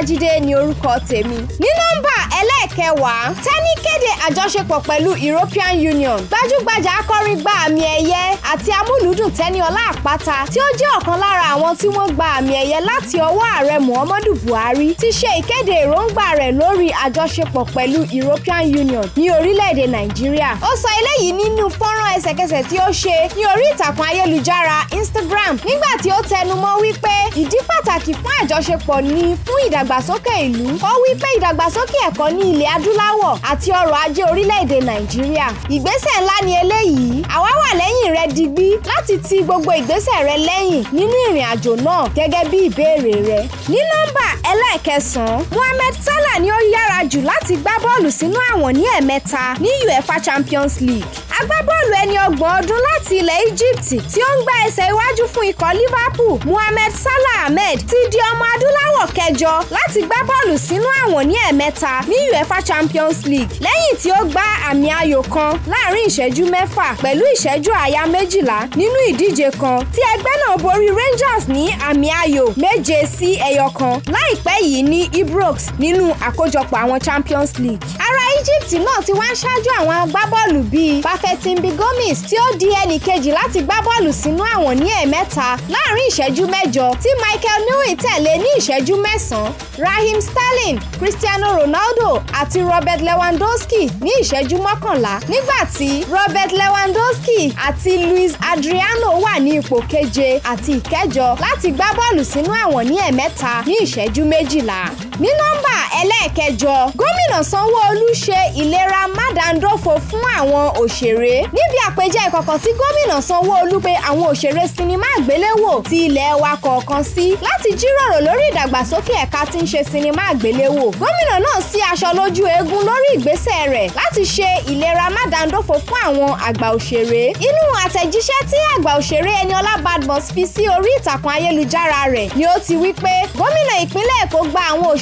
Babájídé ni orúkọ tèmi ní nọ́mbà ẹlẹ́ẹ̀kẹwàá tẹ́ni kéde àjọṣepọ̀ pẹ̀lú European Union gbajúgbajà akọrin gba àmì ẹ̀yẹ àti amúlùúdùn Tẹ́níọlá Àpáta tí ó jẹ́ ọ̀kan lára àwọn tí wọ́n gba àmì ẹ̀yẹ láti ọwọ́ ààrẹ Muhammadu Buhari ti ṣe ìkéde èròǹgbà rẹ̀ lórí àjọṣepọ̀ pẹ̀lú European Union ní orílẹ̀-èdè Nàìjíríà ó sọ eléyìí nínú fọ́nrán ẹsẹ̀kẹsẹ̀ tí ó ṣe ní orí ìtàkùn ayélujára Instagram nígbà tí ó tẹnumọ́ wípé ìdí pàtàkì fún àjọṣepọ̀ ni fún ìdàgbàsókè ìlú ó wípé ìdàgbàsókè ẹ̀kọ́ ìmọ̀ ní ilẹ̀ adúláwọ̀ àti ọrọ̀ ajé orílẹ̀-èdè nàìjíríà ìgbésẹ̀ ńlá ni eléyìí àwa wà lẹ́yìn rẹ digbí láti ti gbogbo ìgbésẹ̀ rẹ lẹ́yìn nínú ìrìn àjò náà gẹ́gẹ́ bí ìbéèrè rẹ ní nọ́mbà ẹlẹ́ẹ̀kẹsàn-án mohammed salah ni ó yára jù láti gbá bọ́ọ̀lù sínú àwọ̀n ní ẹ̀mẹ́ta ní uefa champions league agbábọ́ọ̀lù ẹni ọgbọ̀n ọdún láti ilẹ̀ egypt tí ó ń gba ẹsẹ̀ iwájú fún ikọ̀ liverpool mohammed salah ahmed ti di ọmọ adúláwọ̀ kẹjọ láti gbá bọ́ọ̀lù sínú àwọ̀n ní ẹ̀mẹ́ta ní UEFA Champions League lẹ́yìn tí ó gba àmì ayò kan láàrin ìṣẹ́jú mẹ́fà pẹ̀lú ìṣẹ́jú àyá méjìlá nínú ìdíje kan tí ẹgbẹ́ náà borí Rangers ní àmì ayò méje sí ẹyọ kan láìpẹ́ yìí ní Ibrox nínú àkójọpọ̀ àwọn Champions League. ara Chelsea náà ti wá ń ṣáájú àwọn agbábọ́ọ̀lù bíi Bafetimbi Gomis tí ó di ẹnì kejì láti gbá bọ́ọ̀lù sínú àwọn ní ẹ̀ẹ̀mẹ́ta láàrin ìṣẹ́jú mẹ́jọ tí Michael Newey tẹ̀lé ní ìṣẹ́jú mẹ́sàn-án Raheem Sterling Cristiano Ronaldo àti Robert Lewandowski ní ìṣẹ́jú mọ́kànlá nígbà tí Robert Lewandowski àti Luis Adriano wà ní ipò keje àti ìkẹjọ láti gbá bọ́ọ̀lù sínú àwọn ní ẹ̀ẹ̀mẹ́ta ní ìṣẹ́jú méjìlá ní nọ́mbà ẹlẹ́ẹ̀kẹjọ gómìnà sanwó-olu ṣe ìlera mádàndófo fún àwọn òṣèré níbi àpèjẹ ìkọ̀kọ̀ tí gómìnà sanwó-olu pè àwọn òṣèré sinimá àgbéléwò ti ilẹ̀ wa kọ̀ọ̀kan sí láti jíròrò lórí ìdàgbàsókè ẹ̀ka tí ń ṣe sinimá àgbéléwò gómìnà náà sí aṣọ lójú eégún lórí ìgbésẹ̀ rẹ̀ láti ṣe ìlera mádàndófo fún àwọn àgbà òṣèré inú àtẹ̀jíṣẹ́ tí àgbà òṣèré Ẹniọlá Badmus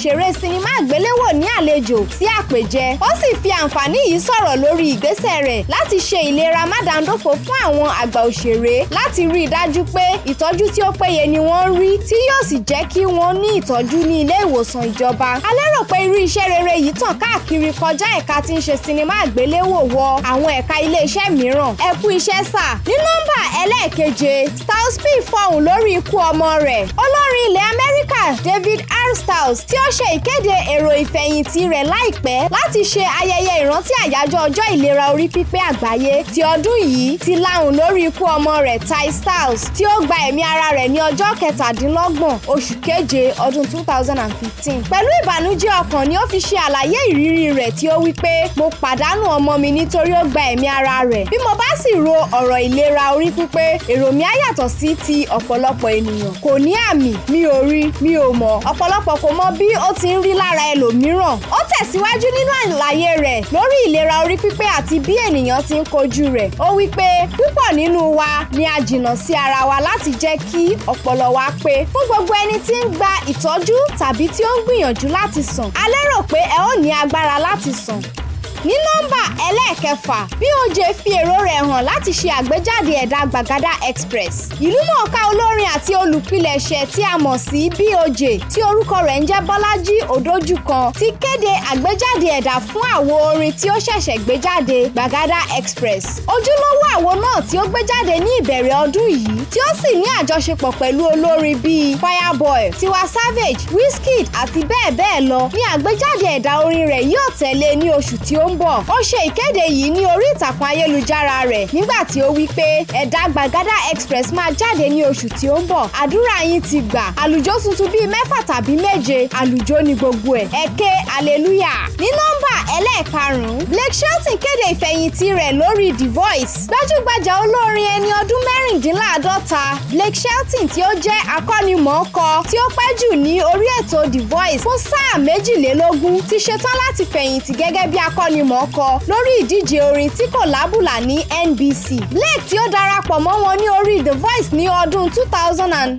òṣèré sinimá àgbéléwò ní àlejò sí àpèjẹ ó sì fi àǹfààní yìí sọ̀rọ̀ lórí ìgbésẹ̀ rẹ̀ láti ṣe ìlera mádàndófo fún àwọn àgbà òṣèré láti rí i dájú pé ìtọ́jú tí ó péye ni wọ́n ń rí tí yóò sì jẹ́ kí wọ́n ní ìtọ́jú ní ilé ìwòsàn ìjọba a lérò pé irú iṣẹ́ rere yìí tàn káàkiri kọjá ẹ̀ka tí ń ṣe sinimá àgbéléwò wọ àwọn ẹ̀ka iléeṣẹ́ mìíràn ẹ kú iṣẹ́ sà ní nọ́mbà ẹlẹ́ẹ̀keje Stylespeed fọhùn lórí ikú ọmọ rẹ̀ olórin ilẹ̀ Amẹ́ríkà Amẹ́ríkà David R. Stiles tí ó ṣe ìkéde èrò ìfẹ̀yìntì rẹ̀ láìpẹ́ láti ṣe ayẹyẹ ìrántí àyájọ́ ọjọ́ ìlera orí pípé àgbáyé ti ọdún yìí ti láhùn lórí ikú ọmọ rẹ̀ Ty Stiles tí ó gba ẹ̀mí ara rẹ̀ ní ọjọ́ kẹtàdínlọ́gbọ̀n oṣù keje ọdún 2015. Pẹ̀lú ìbànújẹ́ ọkàn ni ó fi ṣe àlàyé ìrírí rẹ̀ tí ó wí pé mo pàdánù ọmọ mi nítorí ó gba ẹ̀mí ara rẹ̀ bí mo bá sì ro ọ̀rọ̀ ìlera orí pípé èrò mi á yàtọ̀ sí ti ọ̀pọ̀lọpọ̀ ènìyàn kò ní àmì mi ò rí mi ò mọ̀ ọ̀pọ̀lọpọ̀ kò mọ bí ó ti ń rí lára ẹlòmíràn ó tẹ̀síwájú nínú àlàyé rẹ̀ lórí ìlera orí pípé àti bí ènìyàn ti ń kojú rẹ̀ ó wí pé púpọ̀ nínú wa ni a jìnnà sí ara wa láti jẹ́ kí ọpọlọ wa pé fún gbogbo ẹni tí ń gba ìtọ́jú tàbí tí ó ń gbìyànjú láti sàn a lérò pé ẹ ó ní agbára láti sàn ní nọ́mbà ẹlẹ́ẹ̀kẹfà bí oje fi èrò rẹ̀ hàn láti ṣe àgbéjáde ẹ̀dà gbàgádà express ìlúmọ̀ọ́ká olórin àti olùpilẹ̀ṣẹ̀ tí a mọ̀ sí BOJ oje tí orúkọ rẹ̀ ń jẹ́ bọ́lájí òdójúkan ti kéde àgbéjáde ẹ̀dà fún àwo orin tí ó ṣẹ̀ṣẹ̀ gbé jáde express ojúlówó àwo náà tí ó gbé jáde ní ìbẹ̀rẹ̀ ọdún yìí tí ó sì ní àjọṣepọ̀ pẹ̀lú olórin bíi fireboy tiwa savage whiskey àti bẹ́ẹ̀ bẹ́ẹ̀ lọ ni àgbéjáde ẹ̀dà orin rẹ̀ yóò tẹ̀lé ní oṣù ń bọ̀ ó ṣe ìkéde yìí ní orí ìtàkùn ayélujára rẹ̀ nígbà tí ó wí pé ẹ̀dá gbàgádà express máa jáde ní oṣù tí ó ń bọ̀ àdúrà yín ti gbà àlùjó tuntun bíi mẹ́fà tàbí méje àlùjó ni gbogbo ẹ̀ ẹ ké aleluya ní nọ́mbà ẹlẹ́ẹ̀karùn-ún Blake Shelton kéde ìfẹ̀yìntì rẹ̀ lórí The Voice gbajúgbajà olórin ẹni ọdún mẹ́rìndínláàádọ́ta Blake Shelton tí ó jẹ́ akọ́nimọ̀ọ́kọ tí ó pẹ́ jù ní orí ètò The Voice fún sáà méjìlélógún ti ṣetán láti fẹ̀yìntì gẹ́gẹ́ bí Gbóyìnmọ́ kọ lórí ìdíje orin tí kò lábùlà ní NBC. Lake tí ó darapọ̀ mọ́ wọn ní orí The Voice ní ọdún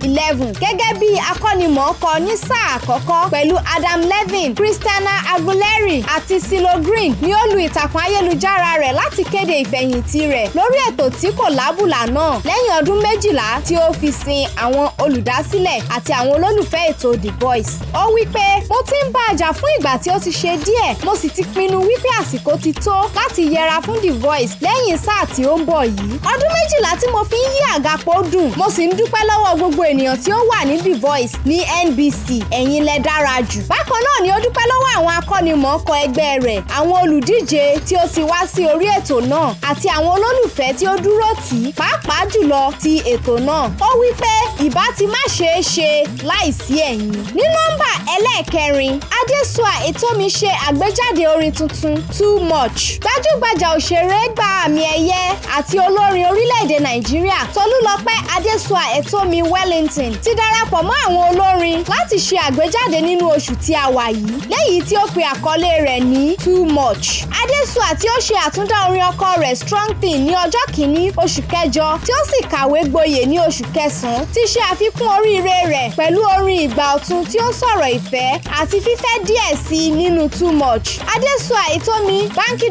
2011 gẹ́gẹ́ bí akọ́nimọ̀ọ́kọ ní sáà àkọ́kọ́ pẹ̀lú Adam Levin, Christiana Aguilera àti Silo Green ni ó lu ìtàkùn ayélujára rẹ̀ láti kéde ìfẹ̀yìntì rẹ̀ lórí ètò tí kò lábùlà náà lẹ́yìn ọdún méjìlá tí ó fi sin àwọn olùdásílẹ̀ àti àwọn olólùfẹ́ ètò The Voice. Ó wí pé mo ti ń bá a jà fún ìgbà tí ó ti ṣe díẹ̀ mo sì ti pinnu wípé às àsìkò ti tó láti yẹra fún The Voice lẹ́yìn sáà tí ó ń bọ̀ yìí. ọdún méjìlá tí mo fi ń yí àgàpọ̀ dùn mo sì ń dúpẹ́ lọ́wọ́ gbogbo ènìyàn tí ó wà ní The Voice ní NBC ẹ̀yin lẹ dára jù. bákan náà ni ó dúpẹ́ lọ́wọ́ àwọn akọ́nimọ̀ọ́kọ ẹgbẹ́ rẹ̀ àwọn olùdíje tí ó ti wá sí orí ètò náà àti àwọn olólùfẹ́ tí ó dúró tì í pàápàá jùlọ ti ètò náà. ó wí pé ìbá ti má ṣeé ṣe láìsí ẹ̀yin. ní nọ́mbà ẹlẹ́ẹ̀kẹrin Adésùà Ètómi ṣe àgbéjáde orin tuntun too much. gbajúgbajà òṣèré gba àmì ẹ̀yẹ àti olórin orílẹ̀-èdè nàìjíríà tolúlọpẹ́ adésùà ẹ̀tọ́mi wellington ti darapọ̀ mọ́ àwọn olórin láti ṣe àgbéjáde nínú oṣù tí a wà yìí léyìí tí ó pe àkọlé rẹ̀ ní too much. adésùà tí ó ṣe àtúndá orin ọkọ rẹ̀ strong thing ní ọjọ́ kìíní oṣù kẹjọ tí ó sì kàwé gboyè ní oṣù kẹsàn-án ti ṣe àfikún oríire rẹ̀ pẹ̀lú orin ìgbà ọ̀tun tí ó sọ̀rọ̀ ìfẹ́ àti fífẹ́ díẹ̀ sí i nínú too much. adésùà ẹ̀tọ́mi ní Banky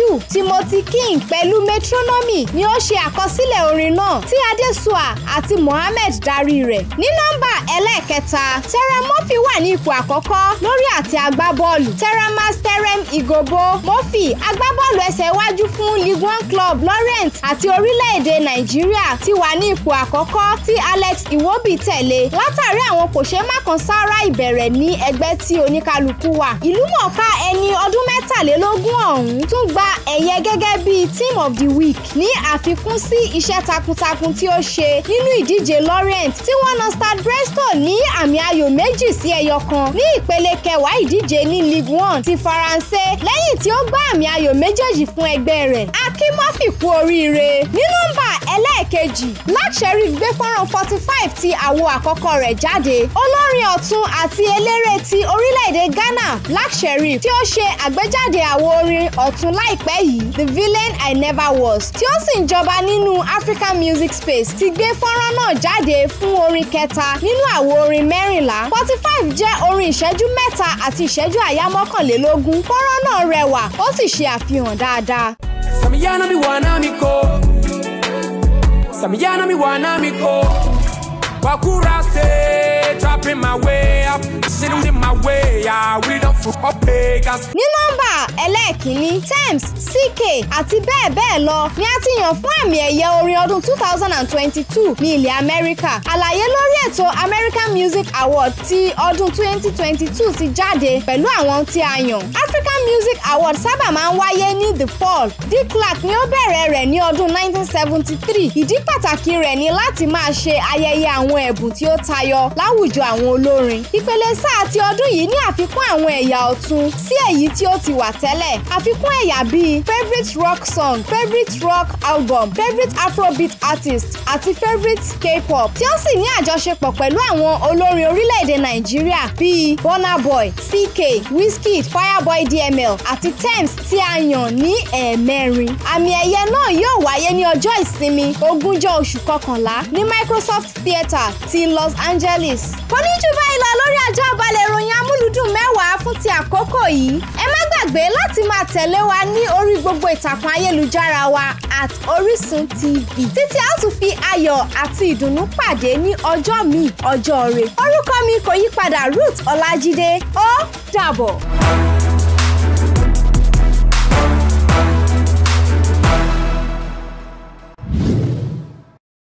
W Timothy King pẹ̀lú Metronomy ni ó ṣe àkọsílẹ̀ orin náà tí Adesua àti Mohammed darí rẹ̀. ní nọ́mbà ẹlẹ́ẹ̀kẹta Tera Murphy wà ní ipò àkọ́kọ́ lórí àti agbábọ́ọ̀lù Tera Masterem Igobo Murphy agbábọ́ọ̀lù ẹsẹ̀ iwájú fún League One club Lawrence àti orílẹ̀-èdè Nàìjíríà ti wà ní ipò àkọ́kọ́ tí Alex Iwobi tẹ̀lé látàrí àwọn kòṣeémàkànsára ìbẹ̀rẹ̀ ní ẹgbẹ́ tí oníkálukú wà. ìlúmọ̀ọ́ká ẹni ọdún mẹ́tàlélógún ológun ọ̀hún tún gba ẹ̀yẹ gẹ́gẹ́ bí team of the week ní àfikún sí iṣẹ́ takuntakun tí ó ṣe nínú ìdíje Laurent tí wọ́n na Stade Brestol ní àmì ayò méjì sí ẹyọ kan ní ìpele kẹwàá ìdíje ní Ligue One ti Faransé lẹ́yìn tí ó gbá àmì ayò méjèèjì fún ẹgbẹ́ rẹ̀ ak Murphy kú oríire. ní nọ́mbà ẹlẹ́ẹ̀kejì Black Sherif gbé fọ́nrán forty five ti àwo àkọ́kọ́ rẹ̀ jáde. olórin ọ̀tún àti eléré ti orílẹ̀-èdè Ghana Black Sherif tí ó ṣe àgbéjáde àwo orin ọ̀tún láìpẹ́ yìí The Villain I Never Was tí ó sì ń jọba nínú African music space ti gbé fọ́nrán náà jáde fún orin kẹta nínú àwo orin mẹ́rìnlá forty five jẹ́ orin ìṣẹ́jú mẹ́ta àti ìṣẹ́jú àyá mọ́kànlélógún fọ́nrán náà rẹwà ó sì ṣe àfihàn dáadáa. Samiyana mi wanamiko Samiyana mi wanamiko Wakura stay trapping my way up Sitting in my way, I really don't fuck up Vegas Ní nọ́mbà ẹlẹ́ẹ̀kínní Tems CK àti bẹ́ẹ̀ bẹ́ẹ̀ lọ ni a ti yàn fún àmì ẹ̀yẹ orin ọdún 2022 ní ilẹ̀ Amẹ́ríkà àlàyé lórí ètò American Music Award ti ọdún 2022 ti jáde pẹ̀lú àwọn tí a yàn African Music Award sábà máa ń wáyé ní The Fall. D Clark ni ó bẹ̀rẹ̀ rẹ̀ ní ọdún 1973. Ìdí pàtàkì rẹ̀ ni láti máa ṣe ayẹyẹ àwọn ẹ̀bùn tí ó tayọ láwùjọ àwọn olórin. Ìpele sáà ti ọdún yìí ní àfikún àwọn ẹ̀yà ọ̀tun sí èyí tí ó ti wà tẹ́lẹ̀. Àfikún ẹ̀yà bíi favourite rock song, favourite rock album, favourite afrobeat artist àti favourite K-pop tí ó sì ní àjọṣepọ̀ pẹ̀lú àwọn olórin orílẹ̀-èdè Nàìjíríà bíi Burna Boy, CK, Wizkid, Fireboy DMX ml àti Tems tí a yàn ní ẹ̀ẹ̀mẹrin. àmì ẹ̀yẹ náà yóò wáyé ní ọjọ́ ìsinmi ogúnjọ́ oṣù kọkànlá ní Microsoft Theatre ti Los Angeles. kò ní jù báyìí lọ lórí ajá balẹ̀ ìròyìn amúlùdùn mẹ́wàá fún ti àkókò yìí. ẹ má gbàgbé láti máa tẹ̀lé wa ní orí gbogbo ìtàkùn ayélujára wa at Orísun TV títí a tún fi ayọ̀ àti ìdùnnú pàdé ní ọjọ́ mi ọjọ́ rẹ̀ orúkọ mi kò yí padà Ruth Ọlájídé ó dàbọ̀.